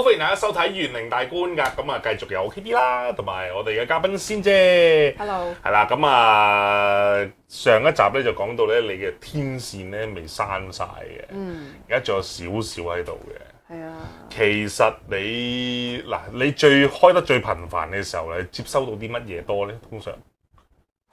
好歡迎大家收睇《玄靈大觀》㗎，咁啊，繼續有 KB 啦，同埋我哋嘅嘉賓仙姐。Hello。係啦，咁啊，上一集咧就講到咧，你嘅天線咧未刪晒嘅。嗯。而家仲有少少喺度嘅。係啊的。其實你嗱，你最開得最頻繁嘅時候，你接收到啲乜嘢多咧？通常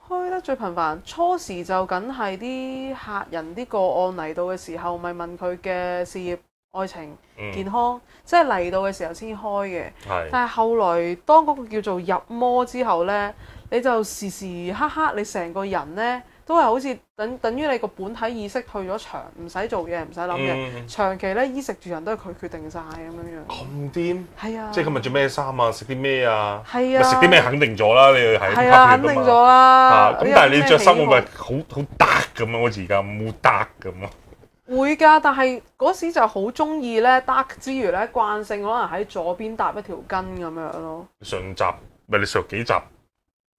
開得最頻繁，初時就緊係啲客人啲個案嚟到嘅時候，咪問佢嘅事業。愛情、健康，嗯、即係嚟到嘅時候先開嘅。是但係後來當嗰個叫做入魔之後咧，你就時時刻刻你成個人咧，都係好似等等於你個本體意識去咗場，唔使做嘢，唔使諗嘅。嗯、長期咧，衣食住行都係佢決定晒。咁樣樣。咁癲？係啊，即係今日着咩衫啊，食啲咩啊，食啲咩肯定咗啦，你要喺咖啊。肯定咗啦。咁但係你著衫咪好好得咁樣好似而家冇得咁啊。 會㗎，但係嗰時就好中意咧，搭之餘咧，慣性可能喺左邊搭一條巾咁樣咯。上集咪你上幾集，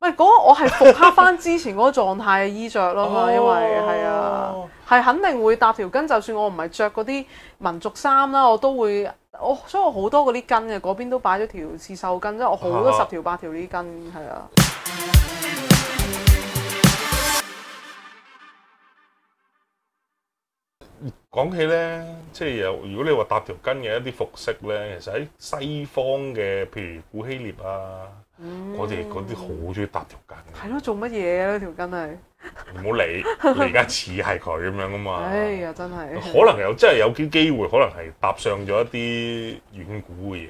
咪嗰，我係復刻翻之前嗰個狀態嘅衣著咯， 因為係啊，係肯定會搭條巾。就算我唔係着嗰啲民族衫啦，我都會，我所以我好多嗰啲巾嘅嗰邊都擺咗條刺繡巾，即係我好多十條八條呢啲巾係啊。講起咧，即係有如果你話搭條筋嘅一啲服飾咧，其實喺西方嘅，譬如古希臘啊，嗰啲啲好中意搭條筋。係咯，做乜嘢咧？條筋係，唔好管 理，你而家似係佢咁樣啊嘛。哎呀，真係，嗯、可能有真係有啲機會，可能係搭上咗一啲遠古嘅嘢。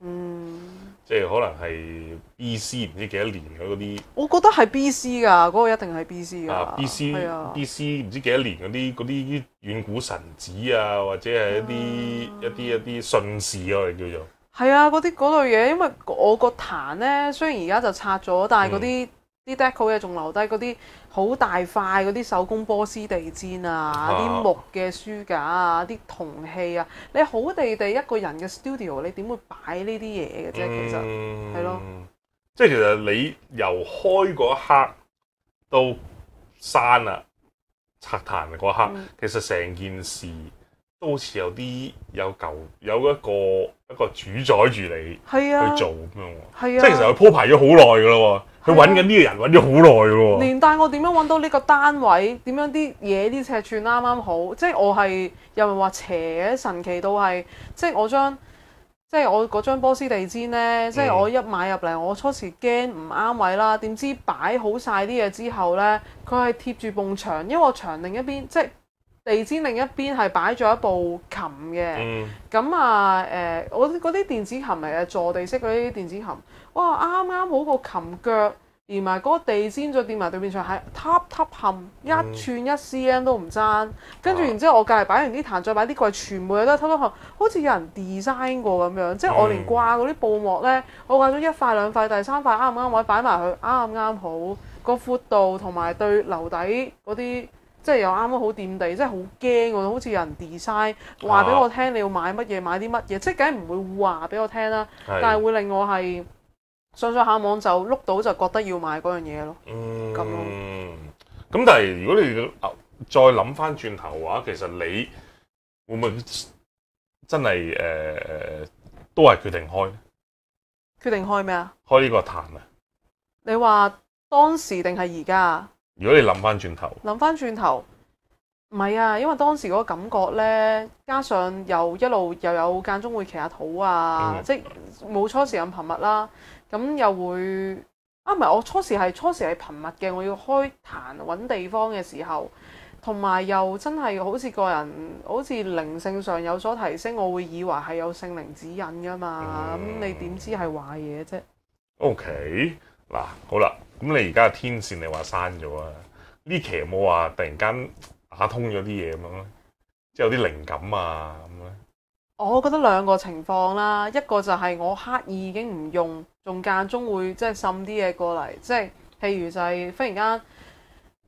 嗯。即係可能係 B.C. 唔知幾多年嗰啲，我覺得係 B.C. 噶，嗰、嗰個一定係 B.C. 噶。b c、啊、B.C. 唔是、啊、知幾多年嗰啲嗰啲遠古神子啊，或者係一啲、嗯、一啲一啲信使啊，我哋叫做。係啊，嗰啲嗰類嘢，因為我個壇咧，雖然而家就拆咗，但係嗰啲。啲 deco 嘢仲留低嗰啲好大塊嗰啲手工波斯地氈啊，啲、啊、木嘅書架啊，啲銅器啊，你好地地一個人嘅 studio，你點會擺呢啲嘢嘅啫？其實係、嗯、咯，即係其實你由開嗰一刻到刪啊、拆壇嗰刻，嗯、其實成件事都好似有啲有舊有一個。一個主宰住你，係啊，去做咁樣，係啊，即係其實佢鋪排咗好耐噶咯，佢搵緊呢個人搵咗好耐噶喎。連帶我點樣搵到呢個單位，點樣啲嘢啲尺寸啱啱好，即係我係又唔係話邪嘅神奇到係，即係我將即係我嗰張波斯地氈咧，嗯、即係我一買入嚟，我初時驚唔啱位啦，點知擺好晒啲嘢之後咧，佢係貼住埲牆，因為我牆另一邊即係。地氈另一邊係擺咗一部琴嘅，咁、嗯、啊、誒、呃，我嗰啲電子琴嚟嘅，坐地式嗰啲電子琴。哇，啱啱好個琴腳連埋嗰個地氈，再掂埋對面上，係嗒嗒嵌，一寸一 cm 都唔爭，跟住然之後我隔籬擺完啲壇，再擺啲櫃，全部嘢都係嗒嗒嵌，好似有人 design 過咁樣，即係我連掛嗰啲布幕呢，我掛咗一塊兩塊第三塊啱唔啱位擺埋去，啱唔啱好個闊度同埋對樓底嗰啲。即係又啱啱好掂地，即係好驚喎，好似有人 design 話俾我聽你要買乜嘢，啊、買啲乜嘢，即係梗係唔會話俾我聽啦。的但係會令我係上上下網就碌到就覺得要買嗰樣嘢咯。嗯，咁咯樣。咁、嗯、但係如果你再諗翻轉頭嘅話，其實你會唔會真係誒、呃、都係決定開？決定開咩啊？開呢個壇啊！你話當時定係而家？如果你諗翻轉頭，諗翻轉頭，唔係啊，因為當時嗰個感覺呢，加上又一路又有間中會騎下土啊，嗯、即冇初時咁頻密啦。咁又會啊，唔係我初時係初時係頻密嘅，我要開壇揾地方嘅時候，同埋又真係好似個人好似靈性上有所提升，我會以為係有聖靈指引噶嘛。咁、嗯、你點知係壞嘢啫？O K，嗱好啦。咁你而家天線你話閂咗啊？呢期冇話突然間打通咗啲嘢咁咧？即係有啲靈感啊咁咧？我覺得兩個情況啦，一個就係我刻意已經唔用，仲間中會即係滲啲嘢過嚟，即係譬如就係、是、忽然間誒、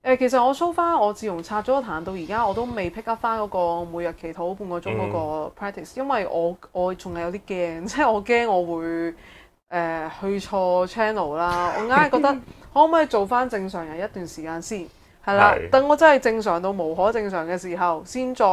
呃，其實我梳花，我自從拆咗壇到而家，我都未 pick up 翻嗰個每日祈禱半個鐘嗰個 practice、嗯、因為我我仲係有啲驚，即係我驚我會。誒、呃，去錯 channel 啦！我硬係覺得可唔可以做翻正常人一段時間先，係啦。是等我真係正常到無可正常嘅時候，先再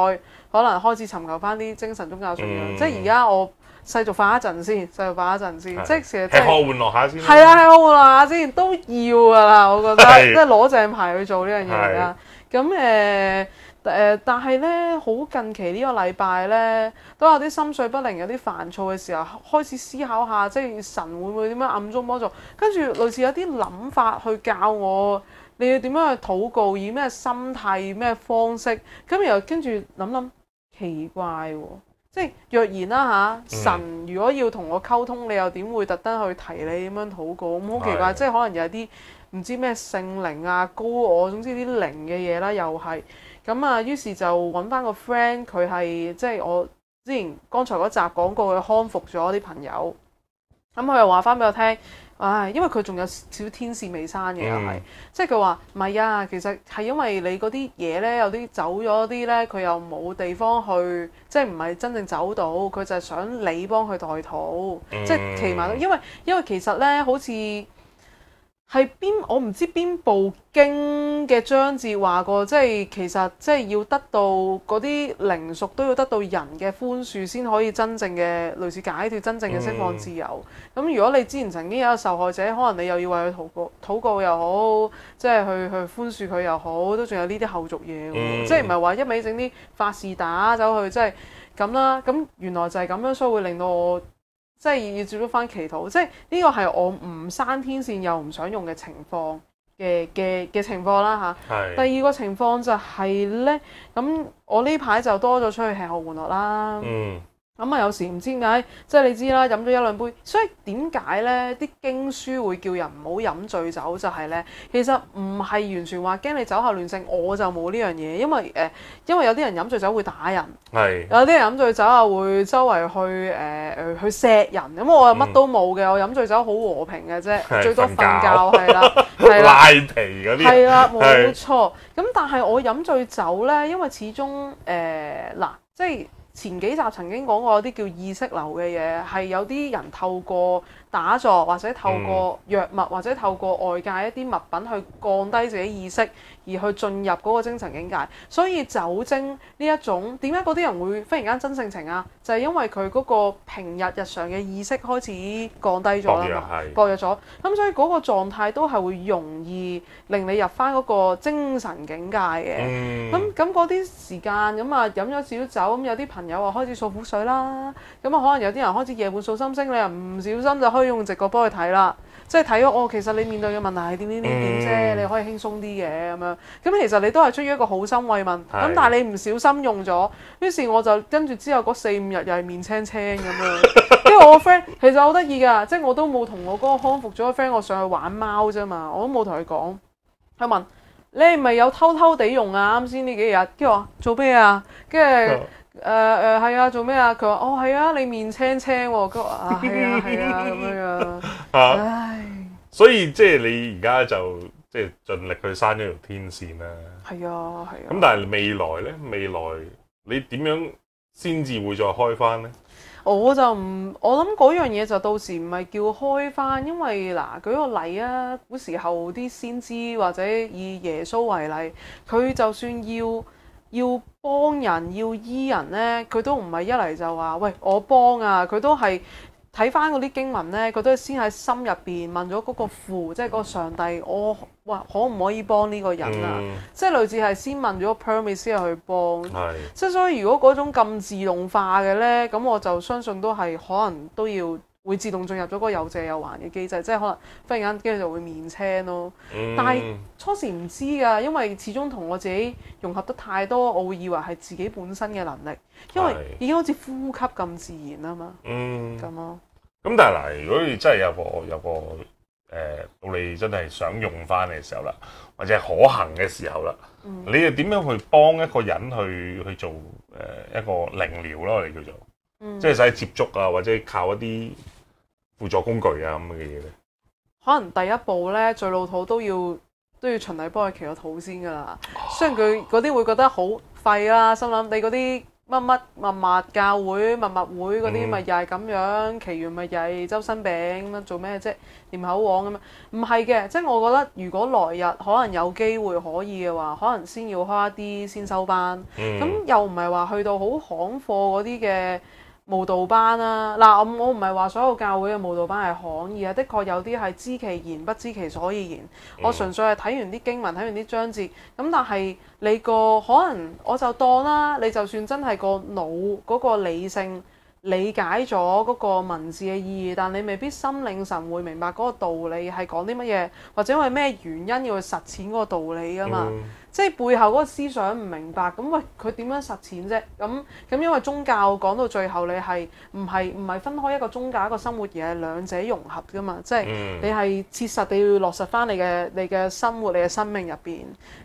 可能開始尋求翻啲精神宗教信仰。嗯、即係而家我細續化一陣先，細續化一陣先。是即係其實係換換落下先，係啦，係換落下先都要噶啦。我覺得是即係攞正牌去做呢樣嘢啦。咁誒的。誒，但係咧，好近期，個期呢個禮拜咧，都有啲心緒不寧，有啲煩躁嘅時候，開始思考下，即係神會唔會點樣暗中幫助？跟住類似有啲諗法去教我，你要點樣去禱告，以咩心態、咩方式？咁然後跟住諗諗奇怪喎、哦，即係若然啦、啊、吓神如果要同我溝通，你又點會特登去提你點樣禱告？咁好奇怪，的即係可能有啲唔知咩聖靈啊、高我，總之啲靈嘅嘢啦，又係。咁啊，於是就揾翻個 friend，佢係即係我之前剛才嗰集講過佢康復咗啲朋友，咁佢又話翻俾我聽，唉，因為佢仲有少少天使未生嘅又係，即係佢話唔係啊，其實係因為你嗰啲嘢呢，有啲走咗啲呢，佢又冇地方去，即係唔係真正走到，佢就係想你幫佢代討，即係騎馬，因為因為其實呢，好似。係邊我唔知邊部經嘅章節話過，即係其實即係要得到嗰啲靈屬，都要得到人嘅寬恕，先可以真正嘅類似解脫，真正嘅釋放自由。咁、嗯、如果你之前曾經有一個受害者，可能你又要為佢禱告，禱告又好，即係去去寬恕佢又好，都仲有呢啲後續嘢，嗯、即係唔係話一味整啲法事打走去，即係咁啦。咁原來就係咁樣，所以會令到我。即係要接觸翻祈禱，即係呢個係我唔閂天線又唔想用嘅情況嘅嘅嘅情況啦吓。係第二個情況就係咧，咁我呢排就多咗出去吃喝玩樂啦。嗯咁啊、嗯，有時唔知點解，即係你知啦，飲咗一兩杯，所以點解咧啲經書會叫人唔好飲醉酒就係咧，其實唔係完全話驚你酒後亂性，我就冇呢樣嘢，因為誒、呃，因為有啲人飲醉酒會打人，係是有啲人飲醉酒啊，會周圍去誒誒、呃、去錫人，咁我又乜都冇嘅，嗯、我飲醉酒好和平嘅啫，最多瞓覺係啦，係啦， 拉皮嗰啲係啦，冇錯。咁是但係我飲醉酒咧，因為始終誒嗱，即係。前幾集曾經講過有啲叫意識流嘅嘢，係有啲人透過打坐，或者透過藥物，或者透過外界一啲物品去降低自己意識，而去進入嗰個精神境界，所以酒精呢一種點解嗰啲人會忽然間真性情啊？就係、是、因為佢嗰個平日日常嘅意識開始降低咗啦，削弱咗，咁所以嗰個狀態都係會容易令你入翻嗰個精神境界嘅。咁咁嗰啲時間咁啊飲咗少少酒，咁有啲朋友啊開始訴苦水啦，咁啊可能有啲人開始夜半數心聲，你又唔小心就可以用直覺幫佢睇啦，即係睇咗哦，其實你面對嘅問題係點點點點啫，嗯、你可以輕鬆啲嘅咁樣。咁其實你都係出於一個好心慰問，咁的但係你唔小心用咗，於是我就跟住之後嗰四五日又係面青青咁樣，因為 我 friend 其實好得意噶，即係我都冇同我嗰個康復咗嘅 friend 我上去玩貓啫嘛，我都冇同佢講，佢問你係咪有偷偷地用啊？啱先呢幾日，跟住話做咩啊？跟住誒誒係啊，做咩啊？佢話哦係啊，你面青青喎，咁啊係啊咁樣啊，係啊咁樣啊唉，所以即係你而家就。即係盡力去刪咗條天線啦。係啊，係啊。咁、啊、但係未來呢？未來你點樣先至會再開翻呢？我就唔，我諗嗰樣嘢就到時唔係叫開翻，因為嗱舉個例啊，古時候啲先知或者以耶穌為例，佢就算要要幫人要醫人呢，佢都唔係一嚟就話喂我幫啊，佢都係。睇翻嗰啲經文呢，佢都係先喺心入邊問咗嗰個父，即係嗰個上帝，我哇可唔可以幫呢個人啊？嗯、即係類似係先問咗個 promise 先去幫，是即係所以如果嗰種咁自動化嘅呢，咁我就相信都係可能都要。會自動進入咗個有借有還嘅機制，即係可能忽然間跟住就會面青咯。嗯、但係初時唔知噶，因為始終同我自己融合得太多，我會以為係自己本身嘅能力，因為已經好似呼吸咁自然啊嘛。嗯，咁咯、啊。咁但係嗱，如果真係有個有個誒，到你真係想用翻嘅時候啦，或者可行嘅時候啦，嗯、你又點樣去幫一個人去去做誒一個靈療咯？你叫做，嗯、即係使接觸啊，或者靠一啲。輔助工具啊，咁嘅嘢，可能第一步呢，最老土都要都要循例幫佢祈個禱先噶啦。啊、雖然佢嗰啲會覺得好廢啦，心諗你嗰啲乜乜乜乜教會密密會嗰啲咪又係咁樣，祈完咪又係周身病咁樣做咩啫？念口簧咁啊？唔係嘅，即、就、係、是、我覺得如果來日可能有機會可以嘅話，可能先要開一啲先修班，咁、嗯、又唔係話去到好行貨嗰啲嘅。舞蹈班啦，嗱，我我唔係話所有教會嘅舞蹈班係可以啊，的確有啲係知其言不知其所以然。我純粹係睇完啲經文，睇完啲章節，咁但係你個可能我就當啦，你就算真係個腦嗰個理性，理解咗嗰個文字嘅意義，但你未必心領神會明白嗰個道理係講啲乜嘢，或者因為咩原因要去實踐嗰個道理㗎嘛？嗯、即係背後嗰個思想唔明白，咁喂佢點樣實踐啫？咁咁因為宗教講到最後，你係唔係唔係分開一個宗教一個生活，而係兩者融合噶嘛？即係、嗯、你係切實地要落實翻你嘅你嘅生活，你嘅生命入邊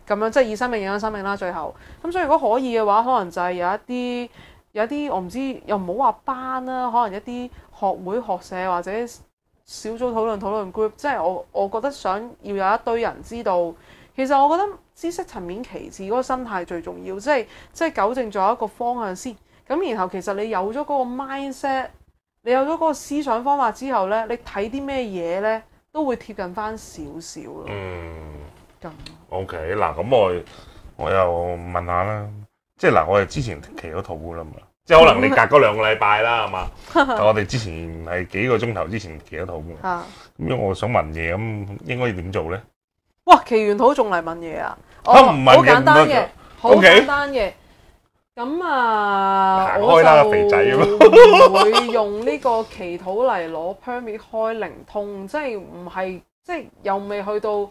咁樣，即係以生命影響生命啦。最後咁，所以如果可以嘅話，可能就係有一啲。有啲我唔知，又唔好話班啦、啊。可能一啲學會學社或者小組討論討論 group，即係我我覺得想要有一堆人知道。其實我覺得知識層面其次，個心態最重要。即係即係糾正咗一個方向先。咁然後其實你有咗嗰個 mindset，你有咗嗰個思想方法之後咧，你睇啲咩嘢咧都會貼近翻少少咯。嗯，咁樣 OK 嗱，咁我我又問下啦，即係嗱，我哋之前提咗套啦即係可能你隔嗰兩個禮拜啦，係嘛？但、 啊、我哋之前係幾個鐘頭之前祈咗禱咁，因我想問嘢，咁、嗯、應該要點做呢？哇！祈完禱仲嚟問嘢啊？好、啊、簡單嘅 OK。Okay? 簡單嘅，咁啊，行開啦，肥仔。唔會用呢個祈禱嚟攞 permit 開靈通， 即係唔係即係又未去到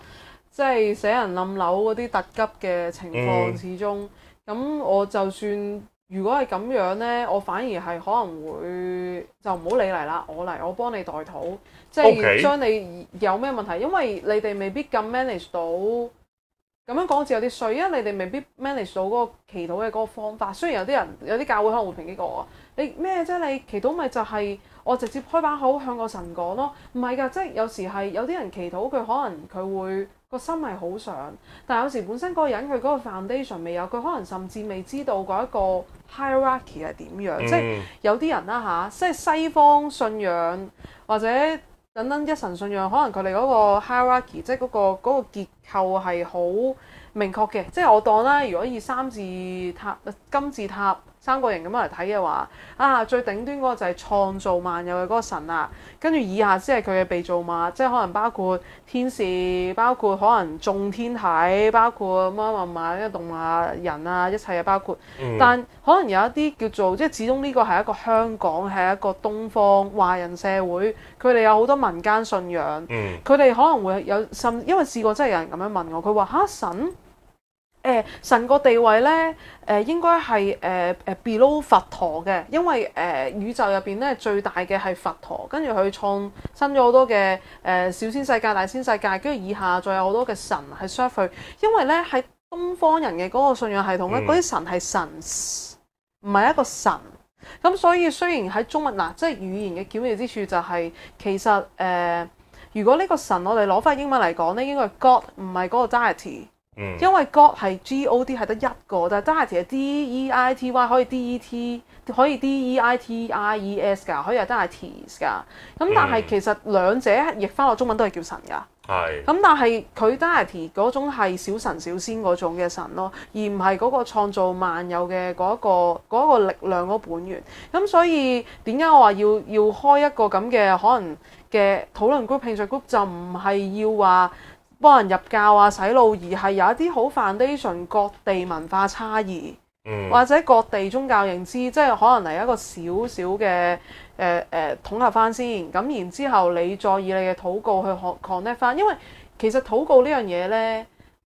即係死人冧樓嗰啲特急嘅情況，始終咁我就算。如果係咁樣呢，我反而係可能會就唔好你嚟啦，我嚟，我幫你代討，即係將你有咩問題，因為你哋未必咁 manage 到。咁樣講字有啲衰，因為你哋未必 manage 到嗰個祈禱嘅嗰個方法。雖然有啲人有啲教會可能會抨擊過我，你咩啫？你祈禱咪就係我直接開把口向個神講咯。唔係㗎，即係有時係有啲人祈禱佢可能佢會個心係好想，但係有時本身嗰個人佢嗰個 foundation 未有，佢可能甚至未知道嗰一個 hierarchy 係點樣。嗯、即係有啲人啦吓，即係西方信仰或者。等等一神信仰，可能佢哋嗰個 Hierarchy，即係嗰個嗰個結構係好明確嘅。即係我當啦，如果以三字塔、金字塔。三角形咁樣嚟睇嘅話，啊，最頂端嗰個就係創造萬有嘅嗰個神啊，跟住以下先係佢嘅被造物，即係可能包括天使，包括可能眾天體，包括乜乜乜乜呢個動物、人啊，一切啊包括。嗯、但可能有一啲叫做即係始終呢個係一個香港係一個東方華人社會，佢哋有好多民間信仰，佢哋、嗯、可能會有甚，因為試過真係有人咁樣問我，佢話嚇神。誒、呃、神個地位咧，誒、呃、應該係誒誒 below 佛陀嘅，因為誒、呃、宇宙入邊咧最大嘅係佛陀，跟住佢創新咗好多嘅誒、呃、小仙世界、大仙世界，跟住以下再有好多嘅神去 serve 佢。因為咧喺東方人嘅嗰個信仰系統咧，嗰啲、嗯、神係神，唔係一個神。咁所以雖然喺中文嗱、呃，即係語言嘅巧妙之處就係、是、其實誒、呃，如果呢個神我哋攞翻英文嚟講咧，應該係 god，唔係嗰個 divinity。因為 God 係 G O D 係得一個，但係真係其實 D E I T Y 可以 D E T 可以 D E I T I E S 噶，可以係 deities 噶。咁但係其實兩者譯翻落中文都係叫神噶。係是。咁但係佢 deity 嗰種係小神小仙嗰種嘅神咯，而唔係嗰個創造萬有嘅嗰一個力量嗰本源。咁所以點解我話要要開一個咁嘅可能嘅討論 group、興趣 group 就唔係要話幫人入教啊、洗腦，而係有一啲好 foundation 各地文化差異，嗯、或者各地宗教認知，即係可能係一個少少嘅誒誒統合翻先，咁然之後你再以你嘅禱告去 connect 翻，因為其實禱告呢樣嘢呢，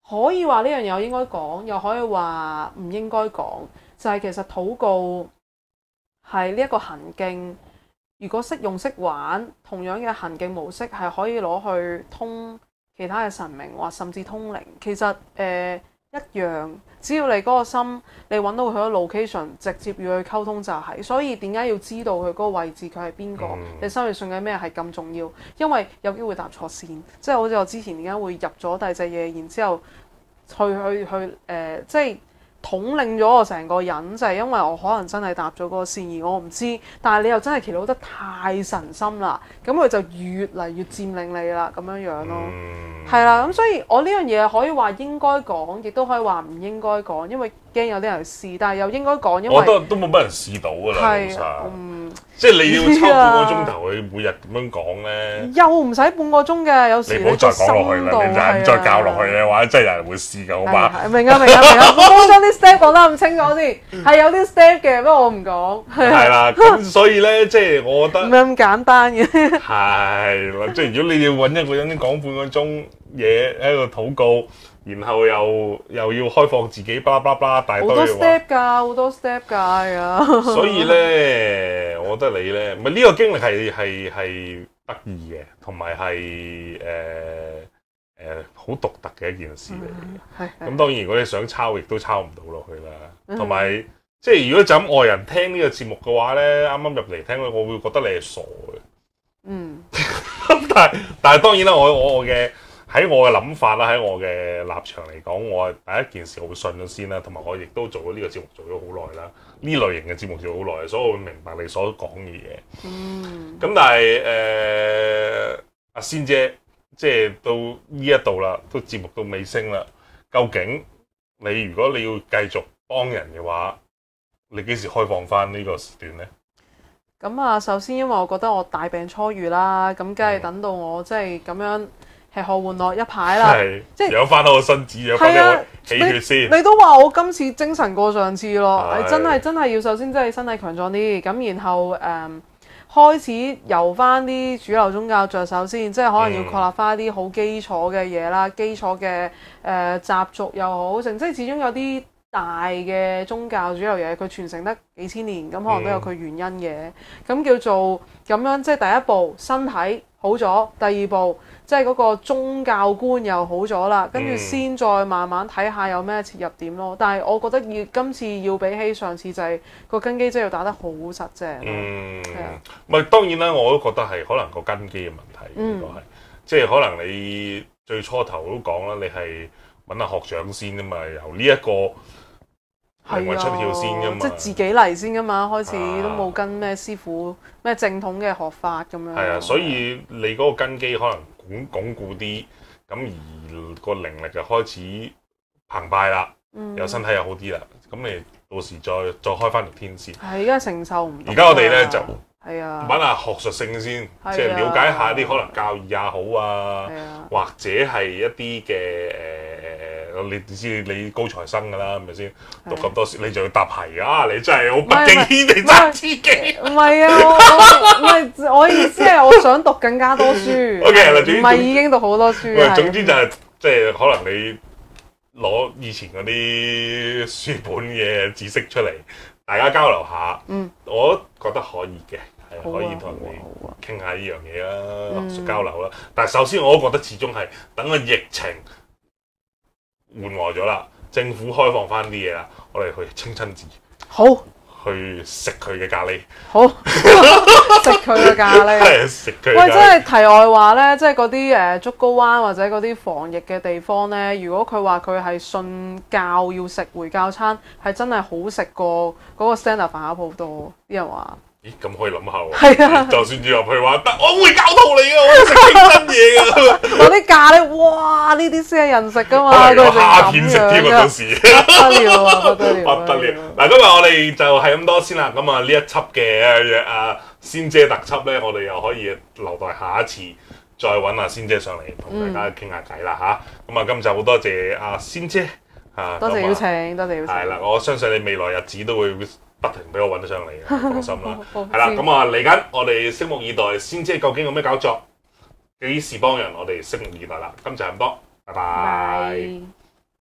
可以話呢樣嘢我應該講，又可以話唔應該講，就係、是、其實禱告係呢一個行徑，如果識用識玩，同樣嘅行徑模式係可以攞去通。其他嘅神明或甚至通靈，其實誒、呃、一樣，只要你嗰個心，你揾到佢嗰 location，直接與佢溝通就係、是。所以點解要知道佢嗰個位置佢係邊個？嗯、你心裡信嘅咩係咁重要？因為有機會搭錯線，即係好似我之前點解會入咗第隻嘢，然之後去去去誒、呃，即係。統領咗我成個人，就係、是、因為我可能真係搭咗嗰個線，而我唔知。但係你又真係祈禱得太神心啦，咁佢就越嚟越佔領你啦，咁樣樣咯，係啦、嗯。咁所以我呢樣嘢可以話應該講，亦都可以話唔應該講，因為驚有啲人試，但係又應該講，因為好多人都冇乜人試到㗎啦。是上即係你要抽半個鐘頭去每日咁樣講咧？又唔使半個鐘嘅，有時你唔好再講落去啦，你唔肯再教落去嘅話，的真係有人會試噶，好嘛？明啊，明啊，明啊！ step, 我冇啲 step 講得咁清楚先，係有啲 step 嘅，不過我唔講。係啦，所以咧， 即係我覺得唔係咁簡單嘅。係， 即係如果你要揾一個人講半個鐘嘢喺度禱告。然後又又要開放自己，巴拉巴拉，大堆好多 step 㗎，好多 step 㗎，啊！ 所以咧，我覺得你咧，唔係、呢個經歷係係係得意嘅，同埋係誒誒好獨特嘅一件事嚟。係咁、嗯、當然，如果你想抄，亦都抄唔到落去啦。同埋，嗯、即係如果就咁外人聽呢個節目嘅話咧，啱啱入嚟聽，我會覺得你係傻嘅。嗯。 但係但係當然啦，我我我嘅。喺我嘅諗法啦，喺我嘅立場嚟講，我第一件事好信咗先啦，同埋我亦都做咗呢、這個節目做咗好耐啦，呢類型嘅節目做咗好耐，所以我會明白你所講嘅嘢。嗯，咁但係誒，阿、呃、仙姐即係到呢一度啦，都節目到尾聲啦，究竟你如果你要繼續幫人嘅話，你幾時開放翻呢個時段呢？咁啊、嗯，首先因為我覺得我大病初愈啦，咁梗係等到我即係咁樣。吃喝玩樂一排啦，是即係養翻好個身子，養翻啲。你都話我今次精神過上次咯，是你真係真係要首先真係身體強壯啲，咁然後誒、呃、開始由翻啲主流宗教着手先，即係可能要確立翻啲好基礎嘅嘢啦，嗯、基礎嘅誒習俗又好，即係始終有啲大嘅宗教主流嘢，佢傳承得幾千年，咁可能都有佢原因嘅。咁叫做咁樣，即係第一步身體好咗，第二步即係嗰個宗教觀又好咗啦，跟住先再慢慢睇下有咩切入點咯。但係我覺得，要今次要比起上次、就是，就係個根基真係要打得好實正。嗯，係啊的，咪當然啦，我都覺得係可能個根基嘅問題，如果係，即係可能你最初頭都講啦，你係揾阿學長先啊嘛，由呢、這、一個。係啊，是是出先嘛，即係自己嚟先噶嘛，開始都冇跟咩師傅咩正統嘅學法咁樣。係啊，所以你嗰個根基可能鞏鞏固啲，咁而個靈力就開始澎湃啦，有、嗯、身體又好啲啦，咁你到時再再開翻條天線。係，而家承受唔到。而家我哋咧就係啊，搵下學術性先，的即係了解一下啲可能教義也好啊，的或者係一啲嘅誒。你知你高材生噶啦，係咪先？讀咁多書，你就要搭牌啊！你真係好不敬天地，真係刺激！唔係啊，唔我我意思係我想讀更加多書。O K，唔係已經讀好多書。喂，總之就係即係可能你攞以前嗰啲書本嘅知識出嚟，大家交流下。嗯，我覺得可以嘅，係可以同你傾下呢樣嘢啦，交流啦。但係首先我都覺得始終係等個疫情。換和咗啦，政府開放翻啲嘢啦，我哋去清真寺，好去食佢嘅咖喱，好食佢嘅咖喱。食佢。 喂，真係題外話咧，即係嗰啲誒竹篙灣或者嗰啲防疫嘅地方咧，如果佢話佢係信教要食回教餐，係真係好食過嗰個 standard 飯盒好多啲人話。咦，咁可以諗下喎。係啊，就算你入去話得，我會教到你噶，我食真嘢噶。攞啲咖喱，哇，呢啲先係人食噶嘛。我係個蝦片食添，啊，到時。不得了，我覺得。不得了。嗱，今日我哋就係咁多先啦。咁啊，呢一輯嘅阿仙姐特輯咧，我哋又可以留待下一次再搵阿仙姐上嚟同大家傾下偈啦吓。咁啊，今集好多謝阿仙姐。啊，多謝邀請，多謝邀請。係啦，我相信你未來日子都會。不停俾我揾得上嚟，放心啦。係啦， 咁啊，嚟緊，我哋拭目以待，先知究竟有咩搞作，幾時幫人，我哋拭目以待啦。今集咁多，拜拜。